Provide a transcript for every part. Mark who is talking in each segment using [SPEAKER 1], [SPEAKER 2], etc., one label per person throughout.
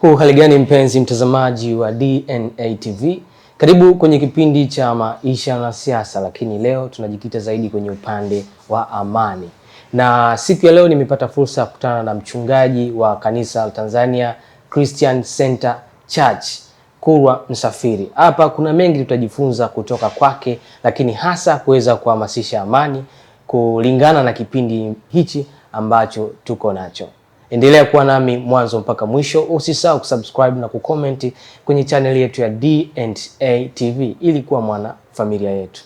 [SPEAKER 1] Huu hali gani, mpenzi mtazamaji wa DNA TV, karibu kwenye kipindi cha maisha na siasa, lakini leo tunajikita zaidi kwenye upande wa amani, na siku ya leo nimepata fursa ya kukutana na mchungaji wa kanisa la Tanzania Christian Center Church Kurwa Msafiri. Hapa kuna mengi tutajifunza kutoka kwake, lakini hasa kuweza kuhamasisha amani kulingana na kipindi hichi ambacho tuko nacho. Endelea kuwa nami mwanzo mpaka mwisho. Usisahau kusubscribe na kukomenti kwenye chaneli yetu ya D&A TV ili kuwa mwana familia yetu.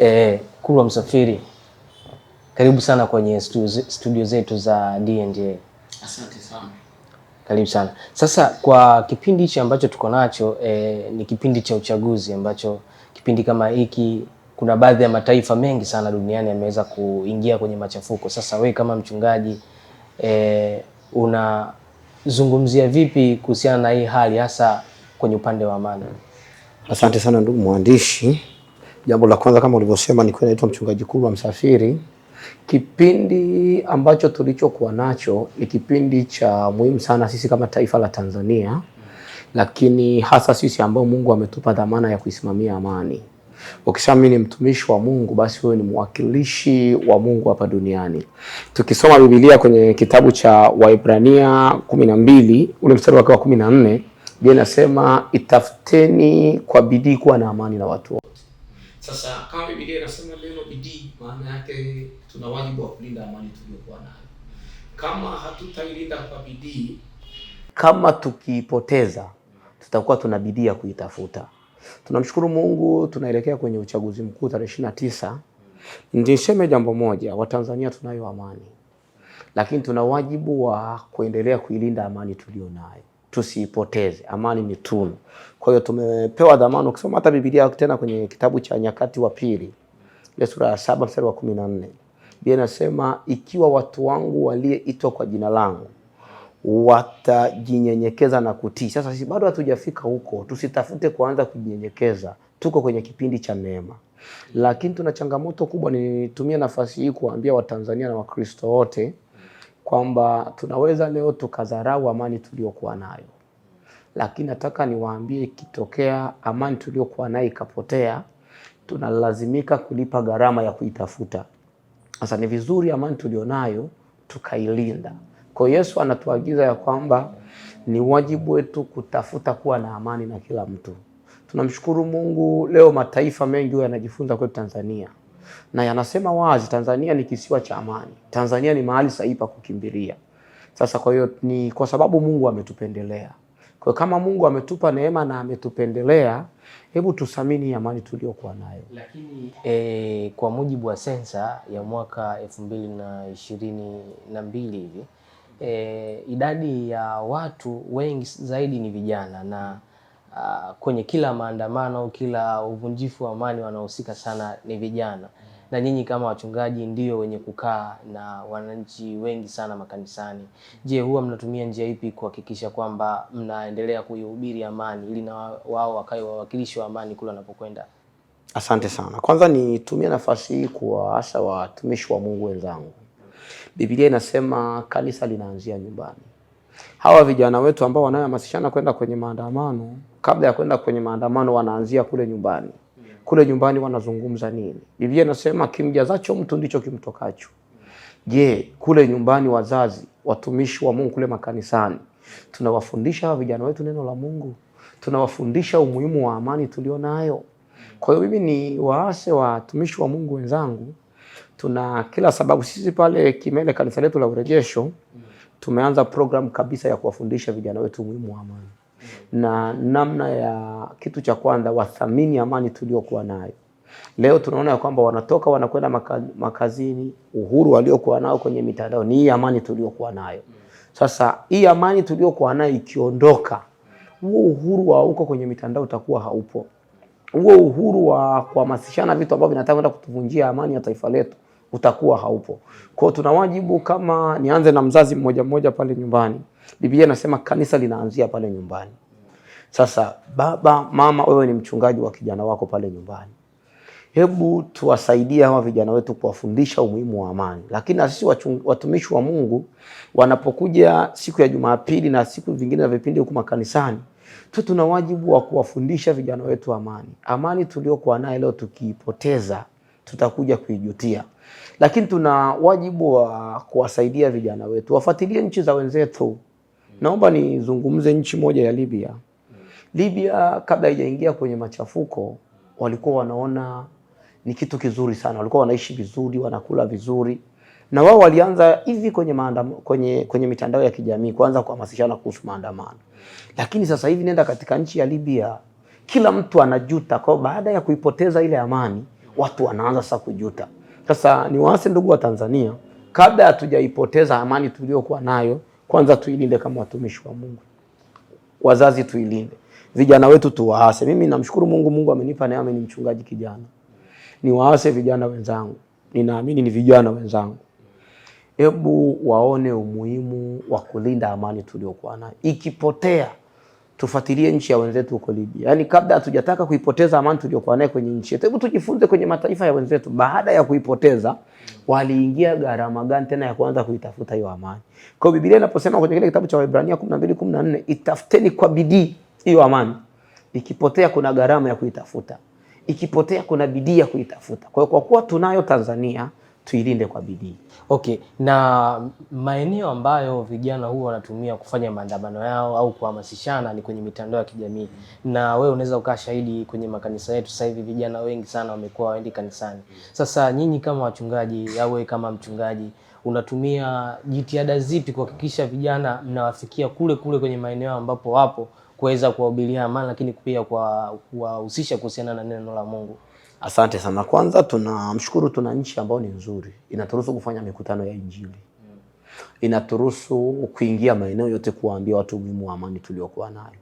[SPEAKER 1] E, Kulwa Msafiri. Karibu sana kwenye studio, zetu za D&A.
[SPEAKER 2] Asante sana.
[SPEAKER 1] Karibu sana. Sasa kwa kipindi hichi ambacho tuko nacho e, ni kipindi cha uchaguzi ambacho kipindi kama hiki kuna baadhi ya mataifa mengi sana duniani yameweza kuingia kwenye machafuko. Sasa we kama mchungaji e, unazungumzia vipi kuhusiana na hii hali hasa kwenye upande wa amani?
[SPEAKER 3] Asante sana ndugu mwandishi. Jambo la kwanza kama ulivyosema, ni kweli naitwa mchungaji Kulwa Msafiri. Kipindi ambacho tulichokuwa nacho ni kipindi cha muhimu sana sisi kama taifa la Tanzania, lakini hasa sisi ambao Mungu ametupa dhamana ya kuisimamia amani. ukisema mimi ni mtumishi wa Mungu, basi wewe ni mwakilishi wa Mungu hapa duniani. Tukisoma Biblia kwenye kitabu cha Waibrania 12 ule mstari wake wa 14, Biblia inasema itafuteni kwa bidii kuwa na amani na watu
[SPEAKER 2] sasa kama Biblia inasema neno bidii, maana yake tuna wajibu wa kulinda amani tuliyokuwa nayo. Kama hatutailinda kwa bidii,
[SPEAKER 3] kama tukiipoteza, tutakuwa tuna bidii ya kuitafuta. Tunamshukuru Mungu, tunaelekea kwenye uchaguzi mkuu tarehe ishirini na tisa. Niseme jambo moja, Watanzania tunayo amani, lakini tuna wajibu wa kuendelea kuilinda amani tuliyo nayo tusiipoteze. Amani ni tunu. Kwa hiyo tumepewa dhamana. Ukisoma hata Biblia tena kwenye kitabu cha Nyakati wa Pili ile sura ya saba mstari wa kumi na nne Biblia inasema ikiwa watu wangu walioitwa kwa jina langu watajinyenyekeza na kutii. Sasa sisi bado hatujafika huko, tusitafute kuanza kujinyenyekeza, tuko kwenye kipindi cha neema, lakini tuna changamoto kubwa. Nitumie nafasi hii kuwaambia Watanzania na Wakristo wote kwamba tunaweza leo tukadharau amani tuliyokuwa nayo, lakini nataka niwaambie, ikitokea amani tuliyokuwa nayo ikapotea, tunalazimika kulipa gharama ya kuitafuta. Sasa ni vizuri amani tulionayo tukailinda. Kwa Yesu anatuagiza ya kwamba ni wajibu wetu kutafuta kuwa na amani na kila mtu. Tunamshukuru Mungu, leo mataifa mengi yanajifunza kwetu Tanzania na yanasema wazi Tanzania ni kisiwa cha amani. Tanzania ni mahali sahihi pa kukimbilia. Sasa kwa hiyo ni kwa sababu Mungu ametupendelea. Kwa kama Mungu ametupa neema na ametupendelea, hebu tusamini amani tuliyokuwa nayo.
[SPEAKER 1] Lakini e, kwa mujibu wa sensa ya mwaka elfu mbili na ishirini na mbili hivi e, idadi ya watu wengi zaidi ni vijana na uh, kwenye kila maandamano, kila uvunjifu wa amani wanaohusika sana ni vijana, na nyinyi kama wachungaji ndio wenye kukaa na wananchi wengi sana makanisani. Je, huwa mnatumia njia ipi kuhakikisha kwamba mnaendelea kuihubiri amani ili na wao wakawe wawakilishi wa amani kule wanapokwenda?
[SPEAKER 3] Asante sana. Kwanza nitumie nafasi hii kuwaasa watumishi wa Mungu wenzangu. Biblia inasema kanisa linaanzia nyumbani hawa vijana wetu ambao wanayohamasishana kwenda kwenye maandamano, kabla ya kwenda kwenye maandamano, wanaanzia kule nyumbani. Kule nyumbani wanazungumza nini? Biblia inasema kimjazacho mtu ndicho kimtokacho. Je, kule nyumbani, wazazi, watumishi wa Mungu kule makanisani, tunawafundisha hawa vijana wetu neno la Mungu? Tunawafundisha umuhimu wa amani tulio nayo? Kwa hiyo mimi ni waase wa watumishi wa Mungu wenzangu, tuna kila sababu sisi pale Kimele, kanisa letu la Urejesho mm -hmm tumeanza program kabisa ya kuwafundisha vijana wetu umuhimu wa amani na namna ya kitu cha kwanza wathamini amani tuliokuwa nayo. Leo tunaona ya kwamba wanatoka wanakwenda maka, makazini. Uhuru waliokuwa nao kwenye mitandao ni hii amani tuliokuwa nayo. Sasa hii amani tuliokuwa nayo ikiondoka, huo uhuru wa huko kwenye mitandao utakuwa haupo, huo uhuru wa kuhamasishana vitu ambavyo vinataka kwenda kutuvunjia amani ya taifa letu utakuwa haupo. Kwa hiyo tuna wajibu, kama nianze na mzazi mmoja mmoja pale nyumbani. Biblia inasema kanisa linaanzia pale nyumbani. Sasa baba, mama, wewe ni mchungaji wa kijana wako pale nyumbani, hebu tuwasaidie hawa vijana wetu kuwafundisha umuhimu wa amani. Lakini na sisi watumishi wa Mungu wanapokuja siku ya Jumapili na siku vingine na vipindi huko makanisani tu, tuna wajibu wa kuwafundisha vijana wetu amani. Amani tuliokuwa nayo leo tukiipoteza, tutakuja kuijutia lakini tuna wajibu wa kuwasaidia vijana wetu wafuatilie nchi za wenzetu. Naomba nizungumze nchi moja ya Libya. Libya kabla haijaingia kwenye machafuko walikuwa wanaona ni kitu kizuri sana, walikuwa wanaishi vizuri, wanakula vizuri, na wao walianza hivi kwenye maandamano, kwenye, kwenye mitandao ya kijamii kuanza kuhamasishana kuhusu maandamano. Lakini sasa hivi nenda katika nchi ya Libya, kila mtu anajuta kwa baada ya kuipoteza ile amani, watu wanaanza sasa kujuta. Sasa niwaase ndugu wa Tanzania, kabla hatujaipoteza amani tuliyokuwa nayo, kwanza tuilinde kama watumishi wa Mungu. Wazazi tuilinde, vijana wetu tuwaase. Mimi namshukuru Mungu, Mungu amenipa neema, ni mchungaji kijana. Niwaase vijana wenzangu, ninaamini ni vijana wenzangu, hebu waone umuhimu wa kulinda amani tuliyokuwa nayo. Ikipotea tufuatilie nchi ya wenzetu huko Libya. Yaani kabla hatujataka kuipoteza amani tuliyokuwa nayo kwenye nchi yetu, hebu tujifunze kwenye mataifa ya wenzetu, baada ya kuipoteza waliingia gharama gani tena ya kuanza kuitafuta hiyo amani. Kwa hiyo Biblia inaposema kwenye kile kitabu cha Waebrania 12:14, itafuteni kwa bidii hiyo amani. Ikipotea kuna gharama ya kuitafuta, ikipotea kuna bidii ya kuitafuta. Kwa hiyo kwa kuwa tunayo Tanzania tuilinde kwa bidii.
[SPEAKER 1] Okay, na maeneo ambayo vijana huwa wanatumia kufanya maandamano yao au kuhamasishana ni kwenye mitandao ya kijamii, na wewe unaweza ukaa shahidi kwenye makanisa yetu sasa hivi, vijana wengi sana wamekuwa waendi kanisani. Sasa nyinyi kama wachungaji au wewe kama mchungaji unatumia jitihada zipi kuhakikisha vijana mnawafikia kule kule kwenye maeneo ambapo wapo kuweza kuwahubiria amani, lakini pia kuwahusisha kuhusiana na neno la Mungu?
[SPEAKER 3] Asante sana. Kwanza tunamshukuru, tuna nchi ambayo ni nzuri, inaturuhusu kufanya mikutano ya Injili, inaturuhusu kuingia maeneo yote kuwaambia watu umuhimu wa amani tuliokuwa nayo.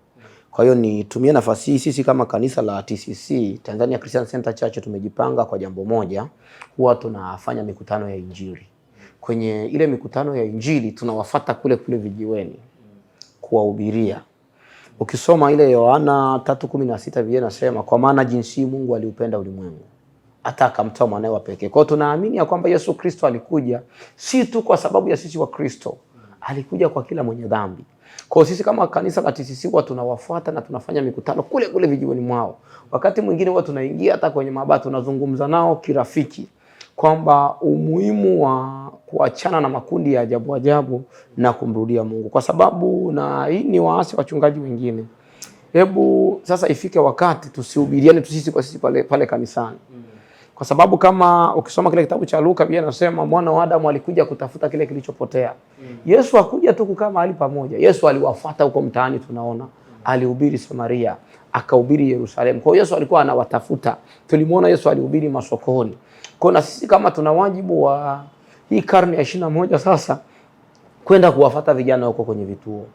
[SPEAKER 3] Kwa hiyo nitumie nafasi hii, sisi kama kanisa la TCC Tanzania Christian Center Church tumejipanga kwa jambo moja, huwa tunafanya mikutano ya Injili. Kwenye ile mikutano ya Injili tunawafata kule kule vijiweni kuwahubiria Ukisoma ile Yohana 3:16 vile nasema, kwa maana jinsi Mungu aliupenda ulimwengu hata akamtoa mwanae wa pekee. Kwa hiyo tunaamini ya kwamba Yesu Kristo alikuja si tu kwa sababu ya sisi wa Kristo, alikuja kwa kila mwenye dhambi. Kwa sisi kama kanisa TCC huwa tunawafuata na tunafanya mikutano kule kule vijiweni mwao. Wakati mwingine huwa tunaingia hata kwenye mabaa tunazungumza nao kirafiki kwamba umuhimu wa kuachana na makundi ya ajabu ajabu na kumrudia Mungu, kwa sababu na hii ni waasi wachungaji wengine. Hebu sasa ifike wakati tusihubiriane tu sisi kwa sisi pale, pale kanisani, kwa sababu kama ukisoma kile kitabu cha Luka pia anasema mwana wa Adamu alikuja kutafuta kile kilichopotea. Yesu hakuja tu kukaa mahali pamoja. Yesu aliwafuata huko mtaani, tunaona alihubiri Samaria, akahubiri Yerusalemu. Kwa hiyo Yesu alikuwa anawatafuta. Tulimwona Yesu alihubiri masokoni kwa na sisi kama tuna wajibu wa hii karne ya ishirini na moja sasa kwenda kuwafata vijana huko kwenye vituo,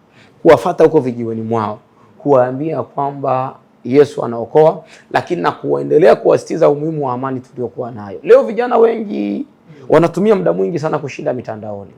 [SPEAKER 3] kuwafata huko vijiweni mwao, kuwaambia kwamba Yesu anaokoa, lakini na kuendelea kuwasitiza umuhimu wa amani tuliokuwa nayo. Leo vijana wengi wanatumia muda mwingi sana kushinda mitandaoni.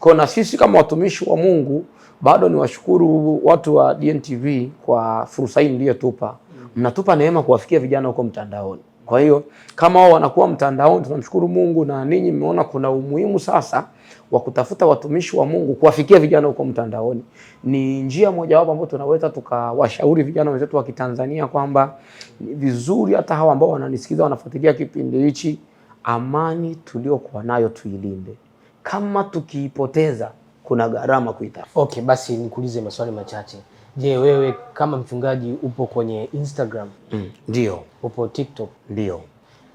[SPEAKER 3] Kwa na sisi kama watumishi wa Mungu bado niwashukuru watu wa DNTV kwa fursa hii mliyotupa, mnatupa neema kuwafikia vijana huko mtandaoni. Kwa hiyo kama wao wanakuwa mtandaoni, tunamshukuru Mungu na ninyi mmeona kuna umuhimu sasa wa kutafuta watumishi wa Mungu kuwafikia vijana huko mtandaoni. Ni njia mojawapo ambayo tunaweza tukawashauri vijana wenzetu wa Kitanzania kwamba ni vizuri hata hawa ambao wananisikiza wanafuatilia kipindi hichi, amani tuliokuwa nayo tuilinde. Kama tukiipoteza kuna gharama kuitafuta.
[SPEAKER 1] Okay, basi nikuulize maswali machache. Je, wewe kama mchungaji upo kwenye Instagram?
[SPEAKER 3] Mm, ndio. Mm.
[SPEAKER 1] Upo TikTok? Ndio.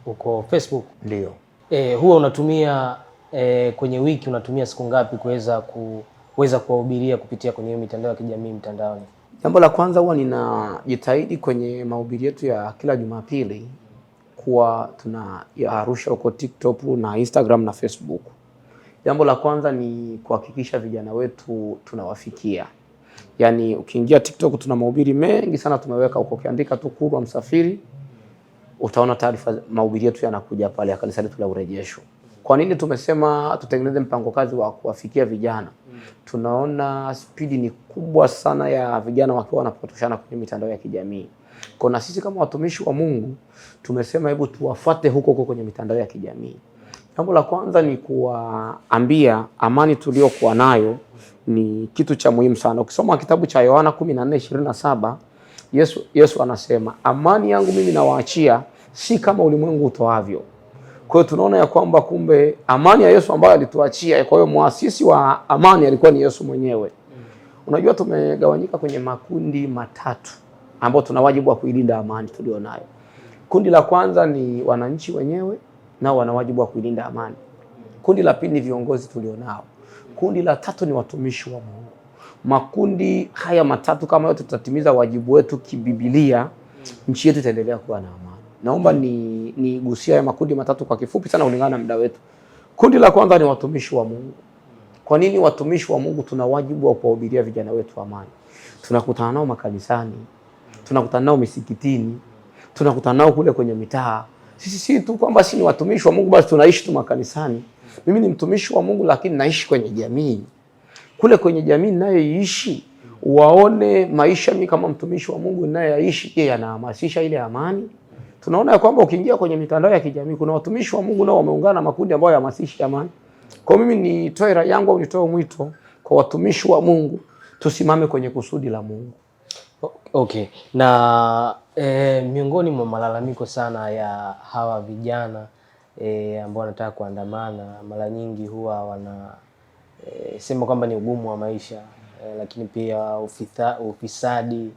[SPEAKER 1] Uko Facebook? Ndio. E, huwa unatumia e, kwenye wiki unatumia siku ngapi kuweza kuweza kuwahubiria kupitia kwenye mitandao ya kijamii mtandaoni?
[SPEAKER 3] Jambo la kwanza huwa ninajitahidi kwenye mahubiri yetu ya kila Jumapili kuwa tuna arusha huko TikTok na Instagram na Facebook. Jambo la kwanza ni kuhakikisha vijana wetu tunawafikia yani ukiingia TikTok tuna mahubiri mengi sana tumeweka huko. Ukiandika tu Kurwa Msafiri utaona taarifa, mahubiri yetu yanakuja pale ya kanisa letu la Urejesho. Kwa nini tumesema tutengeneze mpango kazi wa kuwafikia vijana? Tunaona spidi ni kubwa sana ya vijana wakiwa wanapotoshana kwenye mitandao ya kijamii. Kwa na sisi kama watumishi wa Mungu tumesema hebu tuwafate huko huko kwenye mitandao ya kijamii. Jambo la kwanza ni kuwaambia amani tuliyokuwa nayo ni kitu cha muhimu sana. Ukisoma kitabu cha Yohana 14:27 Yesu, Yesu anasema amani yangu mimi nawaachia, si kama ulimwengu utoavyo. Kwa hiyo tunaona ya kwamba kumbe amani ya Yesu ambayo alituachia, kwa hiyo muasisi wa amani alikuwa ni Yesu mwenyewe. Unajua, tumegawanyika kwenye makundi matatu ambayo tuna wajibu wa kuilinda amani tuliyonayo. Kundi la kwanza ni wananchi wenyewe nao wana wajibu wa kuilinda amani. Kundi la pili ni viongozi tulionao. Kundi la tatu ni watumishi wa Mungu. Makundi haya matatu kama yote tutatimiza wajibu wetu kibibilia, nchi yetu itaendelea kuwa na amani. Naomba ni nigusia ya makundi matatu kwa kifupi sana kulingana na muda wetu. Kundi la kwanza ni watumishi wa Mungu. Kwa nini watumishi wa Mungu tuna wajibu wa kuwahubiria vijana wetu amani? Tunakutana nao makanisani, tunakutana nao misikitini, tunakutana nao kule kwenye mitaa sisi si tu kwamba si ni watumishi wa Mungu basi tunaishi tu makanisani. Mimi ni mtumishi wa Mungu lakini naishi kwenye jamii. Kule kwenye jamii ninayoishi waone maisha mimi kama mtumishi wa Mungu ninayoishi je, yanahamasisha ile amani? Tunaona kwamba ukiingia kwenye mitandao ya kijamii kuna watumishi wa Mungu nao wameungana na makundi ambayo yahamaisishi amani. Kwa mimi nitoe rai yangu au nitoe mwito kwa watumishi wa Mungu tusimame kwenye kusudi la Mungu.
[SPEAKER 1] Okay. Na e, miongoni mwa malalamiko sana ya hawa vijana e, ambao wanataka kuandamana mara nyingi huwa wana e, sema kwamba ni ugumu wa maisha e, lakini pia ufitha, ufisadi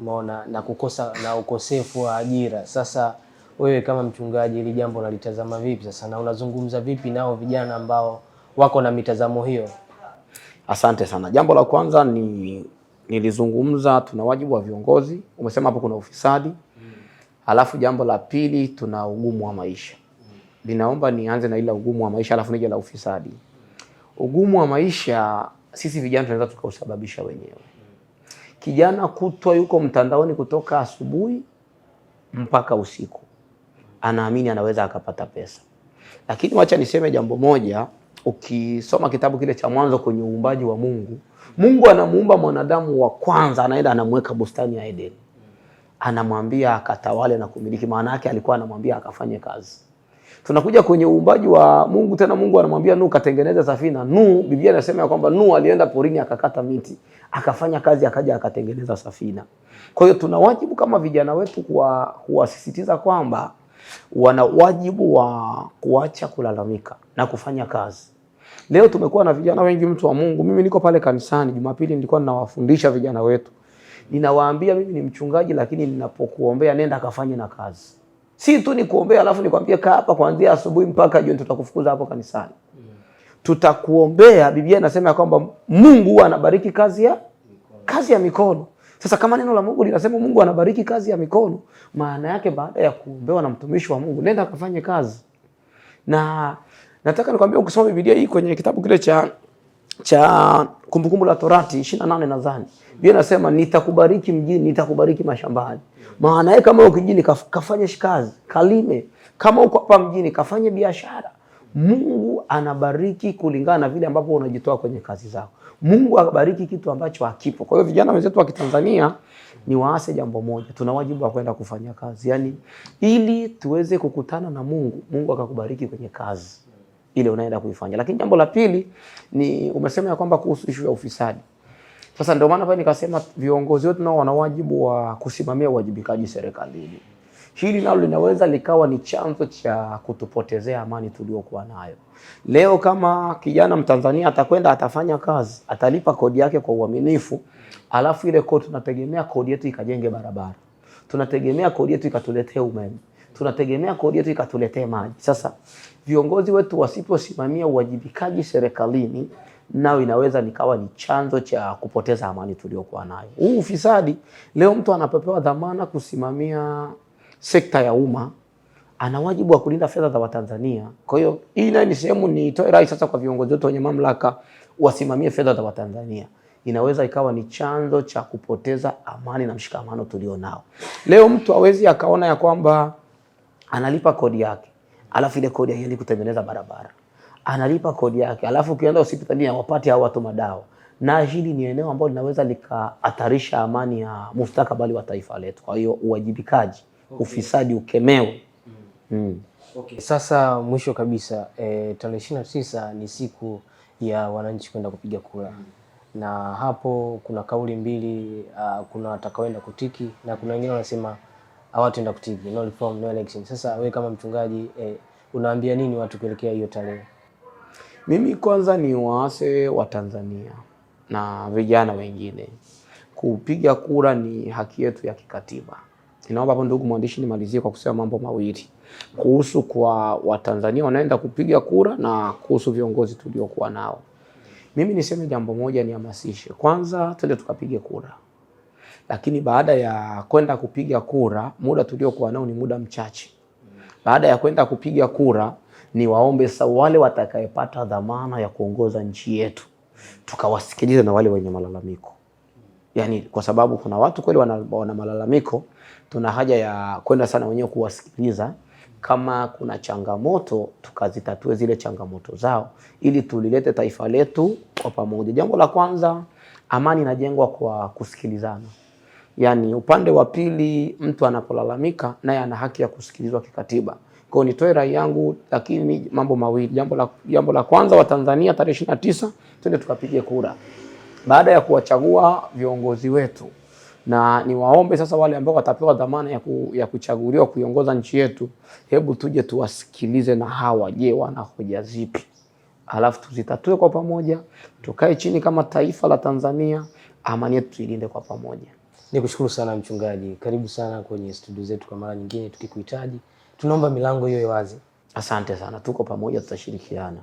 [SPEAKER 1] umeona na kukosa na ukosefu wa ajira. Sasa wewe kama mchungaji, hili jambo unalitazama vipi sasa na unazungumza vipi nao vijana ambao wako na mitazamo hiyo?
[SPEAKER 3] Asante sana. Jambo la kwanza ni nilizungumza tuna wajibu wa viongozi, umesema hapo kuna ufisadi mm. Alafu jambo la pili tuna ugumu wa maisha mm. Ninaomba nianze na ile ugumu wa maisha alafu nije la ufisadi. Ugumu wa maisha sisi vijana tunaweza tukausababisha wenyewe. Kijana kutwa yuko mtandaoni kutoka asubuhi mpaka usiku, anaamini anaweza akapata pesa. Lakini wacha niseme jambo moja, ukisoma kitabu kile cha Mwanzo kwenye uumbaji wa Mungu Mungu anamuumba mwanadamu wa kwanza, anaenda anamweka bustani ya Eden, anamwambia akatawale na kumiliki. Maana yake alikuwa anamwambia akafanye kazi. Tunakuja kwenye uumbaji wa Mungu tena, Mungu anamwambia Nuhu katengeneza safina. Nuhu, Biblia inasema ya kwamba Nuhu alienda porini akakata miti akafanya kazi akaja akatengeneza safina. Kwa hiyo tuna wajibu kama vijana wetu kuwasisitiza kwamba wana wajibu wa kuacha kulalamika na kufanya kazi. Leo tumekuwa na vijana wengi, mtu wa Mungu. Mimi niko pale kanisani Jumapili, nilikuwa ninawafundisha vijana wetu, ninawaambia mimi ni mchungaji, lakini ninapokuombea nenda kafanye na kazi, si tu ni kuombea alafu nikwambie kaa hapa kuanzia asubuhi mpaka jioni, tutakufukuza hapo kanisani, hmm. tutakuombea. Biblia inasema kwamba Mungu anabariki kazi ya kazi ya mikono. Sasa kama neno la Mungu linasema Mungu anabariki kazi ya mikono, maana yake baada ya kuombewa na mtumishi wa Mungu, nenda kafanye kazi. Na Nataka nikwambia ukisoma Biblia hii kwenye kitabu kile cha cha Kumbukumbu la Torati 28 nadhani. Biblia inasema nitakubariki mjini, nitakubariki mashambani. Maana yake kama uko kaf, kafanya kazi, kalime. Kama uko hapa mjini kafanye biashara. Mungu anabariki kulingana na vile ambavyo unajitoa kwenye kazi zako. Mungu akubariki kitu ambacho hakipo. Kwa hiyo vijana wenzetu wa Kitanzania ni waase jambo moja, tuna wajibu wa kwenda kufanya kazi. Yaani ili tuweze kukutana na Mungu, Mungu akakubariki kwenye kazi ile unaenda kuifanya. Lakini jambo la pili ni umesema ya kwamba kuhusu ishu ya ufisadi. Sasa ndio maana pale nikasema viongozi wote nao wana wajibu wa kusimamia uwajibikaji serikalini. Hili nalo linaweza likawa ni chanzo cha kutupotezea amani tuliokuwa nayo. Leo kama kijana Mtanzania atakwenda atafanya kazi, atalipa kodi yake kwa uaminifu, alafu ile kodi tunategemea kodi yetu ikajenge barabara. Tunategemea kodi yetu ikatuletee umeme. Tunategemea kodi yetu ikatuletee maji. Sasa viongozi wetu wasiposimamia uwajibikaji serikalini, nao inaweza nikawa ni chanzo cha kupoteza amani tuliokuwa nayo. Huu ufisadi leo, mtu anapepewa dhamana kusimamia sekta ya umma, ana wajibu wa kulinda fedha za Watanzania. Kwa hiyo hii nayo ni sehemu, nitoe rai sasa kwa viongozi wote wenye mamlaka wasimamie fedha za Watanzania inaweza ikawa ni chanzo cha kupoteza amani na mshikamano tulionao. Leo mtu hawezi akaona ya kwamba analipa kodi yake alafu ile kodi haiendi kutengeneza barabara, analipa kodi yake, alafu ukienda hospitali hawapati hao watu madawa. Na hili ni eneo ambalo linaweza likahatarisha amani ya mustakabali wa taifa letu. Kwa hiyo uwajibikaji, okay. Ufisadi ukemewe.
[SPEAKER 1] mm. Mm. Okay. Sasa mwisho kabisa e, tarehe ishirini na tisa ni siku ya wananchi kwenda kupiga kura mm na hapo kuna kauli mbili uh, kuna watakaoenda kutiki na kuna wengine wanasema watu enda kutibu, no reform no election. Sasa we kama mchungaji eh, unaambia nini watu kuelekea hiyo tarehe?
[SPEAKER 3] Mimi kwanza ni waase wa Tanzania na vijana wengine, kupiga kura ni haki yetu ya kikatiba. Inaomba hapo, ndugu mwandishi, nimalizie kwa kusema mambo mawili kuhusu kwa Watanzania wanaenda kupiga kura na kuhusu viongozi tuliokuwa nao. Mimi niseme jambo moja, nihamasishe kwanza, twende tukapige kura lakini baada ya kwenda kupiga kura, muda tuliokuwa nao ni muda mchache. Baada ya kwenda kupiga kura, ni waombe sasa wale watakayepata dhamana ya kuongoza nchi yetu, tukawasikiliza na wale wenye malalamiko yani, kwa sababu kuna watu kweli wana, wana malalamiko. Tuna haja ya kwenda sana wenyewe kuwasikiliza kama kuna changamoto tukazitatue zile changamoto zao, ili tulilete taifa letu kwa pamoja. Jambo la kwanza, amani inajengwa kwa kusikilizana. Yani upande wa pili mtu anapolalamika naye ana haki ya kusikilizwa kikatiba. Kwa hiyo nitoe rai yangu, lakini mambo mawili. Jambo la, jambo la kwanza, Watanzania tarehe ishirini na tisa twende tukapige kura baada ya kuwachagua viongozi wetu, na niwaombe sasa wale ambao watapewa dhamana ya, ku, ya kuchaguliwa kuiongoza nchi yetu, hebu tuje tuwasikilize na hawa, je, wana hoja zipi, alafu tuzitatue kwa pamoja, tukae chini kama taifa la Tanzania, amani yetu tuilinde kwa pamoja
[SPEAKER 1] ni kushukuru sana mchungaji, karibu sana kwenye studio zetu kwa mara nyingine. Tukikuhitaji tunaomba milango hiyo wazi. Asante sana, tuko pamoja, tutashirikiana.